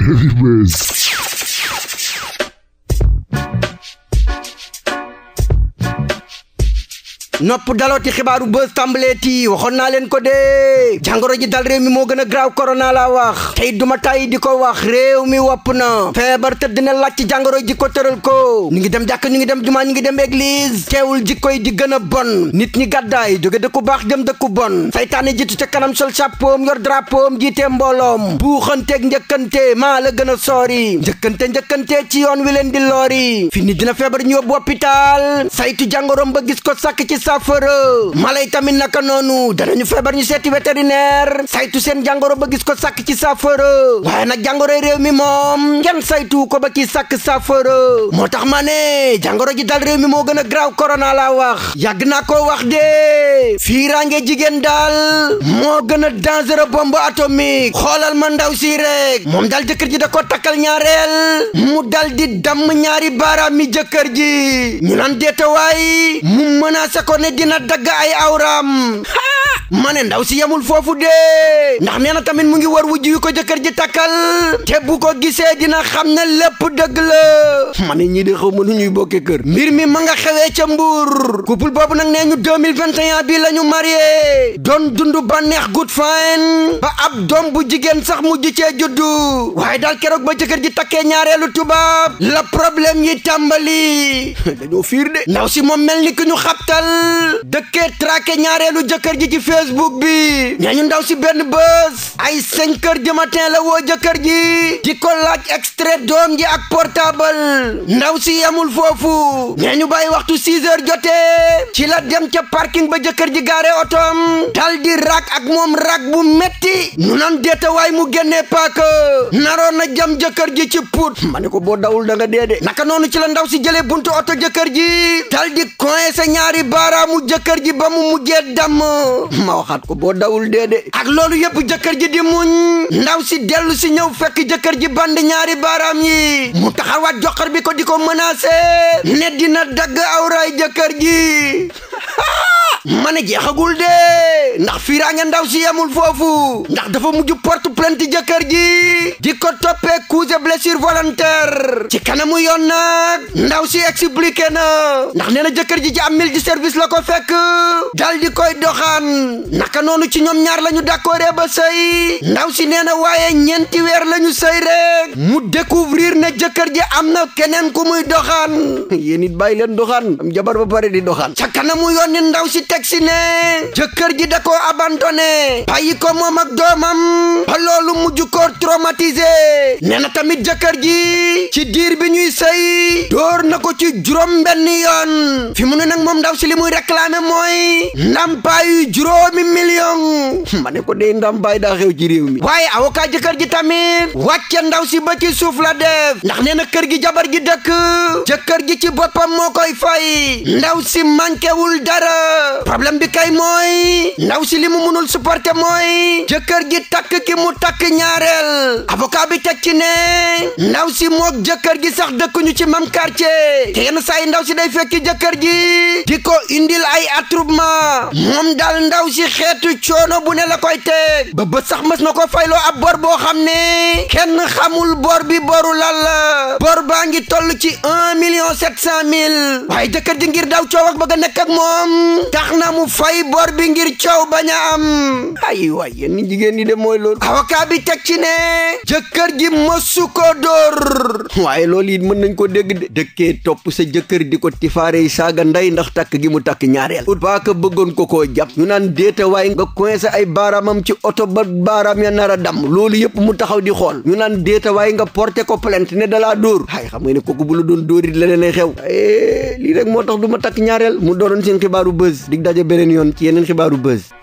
Anyways. nopp dalooti xibaaru bës tàmbaleeti waxoon naa leen ko dee jàngoro ji dal réew mi moo gën a graaw korona laa wax tey duma tàyyi di ko wax réew mi wopp na feebar te dina laaj ci jàngoro ji ko tëral ko ñu ngi dem jàkk ñu ngi dem jumaa ñu ngi dem église teewul jikko yi di gën a bon nit ñi gàddaay jóge dëkku baax dem dëkku bon saytaane jiitu ca kanam sol chapeau yor drapeau jiite mbooloom buuxanteeg njëkkante maa la gën a soori njëkkante njëkkante ci yoon wi leen di loori fi dina feebar ñu yóbbu hôpital saytu jàngoroom ba gis ko sàkk saafara mala yi tamit naka noonu danañu feebar ñu seeti vétérinaire saytu seen jàngoro ba gis ko sàkk ci saafara waaye nag jàngoro réew mi moom kenn saytu ko ba ki sàkk saafara moo tax ma ne jàngoro ji dal réew mi moo gën a graaw corona laa wax yàgg naa ko wax de fiiraange jigéen daal moo gën a dangereux bombe atomique xoolal man ndaw si rek moom daal jëkkër ji da ko takkal ñaareel mu dal di damm ñaari baaraam mi jëkkër ji ñu naan deetawaay mu menacé ko ne dina dagg ay awraam ma ne ndaw si yemul foofu de ndax nee na tamit mu ngi war wujj yu ko jëkkër ji takkal te bu ko gisee dina xam ne lépp dëgg la ma ne ñii de xaw ma nu ñuy bokkee kër mbir mi ma nga xewee ca mbuur couple boobu nag nee ñu 2021 bi la ñu marié doon dund bànneex good fine ba ab doom bu jigéen sax mujj cee juddu waaye daal keroog ba jëkkër ji takkee ñaareelu tubaab la problème yi tàmbali dañoo fiir de ndaw si moom mel ni ki ñu xabtal dëkkee traqué ñaareelu jëkkër facebook bi ñooñu ndaw si benn bés ay 5 kër du la woo jëkkër ji di ko laaj extrait doom ji ak portable ndaw si yamul foofu ñeeñu bàyyi waxtu 6 jote ci la dem ca parking ba jëkkër ji gaare otoom am di raak ak moom raak bu metti ñu naan déeta waay mu génnee paaka naroon na jam jëkkër ji ci put ma ne ko boo dawul da nga dee de naka noonu ci la ndaw si jëlee buntu oto jëkkër ji dal di ñaari baaraamu jëkkër ji ba mu mujjee damm ma waxaat ko boo dawul dee de ak loolu yëpp jëkkër ji di muñ ndaw si dellu si ñëw fekk jëkkër ji band ñaari baaraam yi mu taxawaat joxar bi ko di ko menacé ne dina dagg awraay jëkkër ji ma ne jeexagul dee ndax fiiraange ndaw si yemul foofu ndax dafa mujj porte plainte jëkkër ji di ko toppee coups et blessure ci kanamu yoon nag ndaw si expliqué na ndax nee na jëkkër ji ci am mil service la ko fekk dal di koy doxaan naka noonu ci ñoom ñaar la ñu d'accordé ba sëy ndaw si nee na waaye ñeenti weer la ñu sëy rek mu découvrir ne jëkkër ji am na keneen ku muy doxaan yéen it bàyyi leen doxaan am jabar ba pare di doxaan ca kanamu yoon ni ndaw si teg si ne jëkkër ji da ko abandonné bàyyi ko moom ak doomam ba loolu mujj ko traumatisé na tamit jëkkër ji ci diir bi ñuy sëy dóor na ko ci juróom benn yoon fi mu ne nag moom ndaw si li muy réclamé mooy ndàmpaayu juróomi million ma ne ko dey ndàmpaay daa xew ci réew mi waaye avocat jëkkër ji tamit wàcce ndaw si ba suuf la def ndax nee na kër gi jabar gi dëkk jëkkër ji ci boppam moo koy fay ndaw si manqué wul dara problème bi kay mooy ndaw li mu munul supporter mooy jëkkër gi takk ki mu takk ñaareel avocat bi teg ci ne ndaw si mook jëkkër gi sax dëkkuñu ci même quartier te yenn saa yi ndaw si day fekki jëkkër gi di ko indil ay attroupement moom daal ndaw si xeetu coono bu ne la koy teg ba ba sax mës na ko fayloo ab bor boo xam ne kenn xamul bor bi boru lal bor baa ngi toll ci un million sept cent mille jëkkër ji ngir daw coow bëgg a moom tax na mu fay bor bi ngir coow yow bañ a am ay waay yéen ñi jigéen ñi de mooy loolu avocat bi teg ci ne jëkkër ji mësu ko dóor waaye loolu it mën nañ ko dégg de dëkkee topp sa jëkkër di ko tifaare yi saaga nday ndax takk gi mu takk ñaareel ut baaka bëggoon ko ko jàpp ñu naan déeta waaye nga coincé ay baaraamam ci oto ba baaraam ya nar a dam loolu yëpp mu taxaw di xool ñu naan déeta waaye nga porté ko plainte ne dalaa dóor ay xam nga ne ku bu la doon dóorit leneen lay xew lii rek moo tax du m takk ñaareel mu doonoon seen xibaaru buzz dig daje beneen yoon ci yeneen xibaaru buzz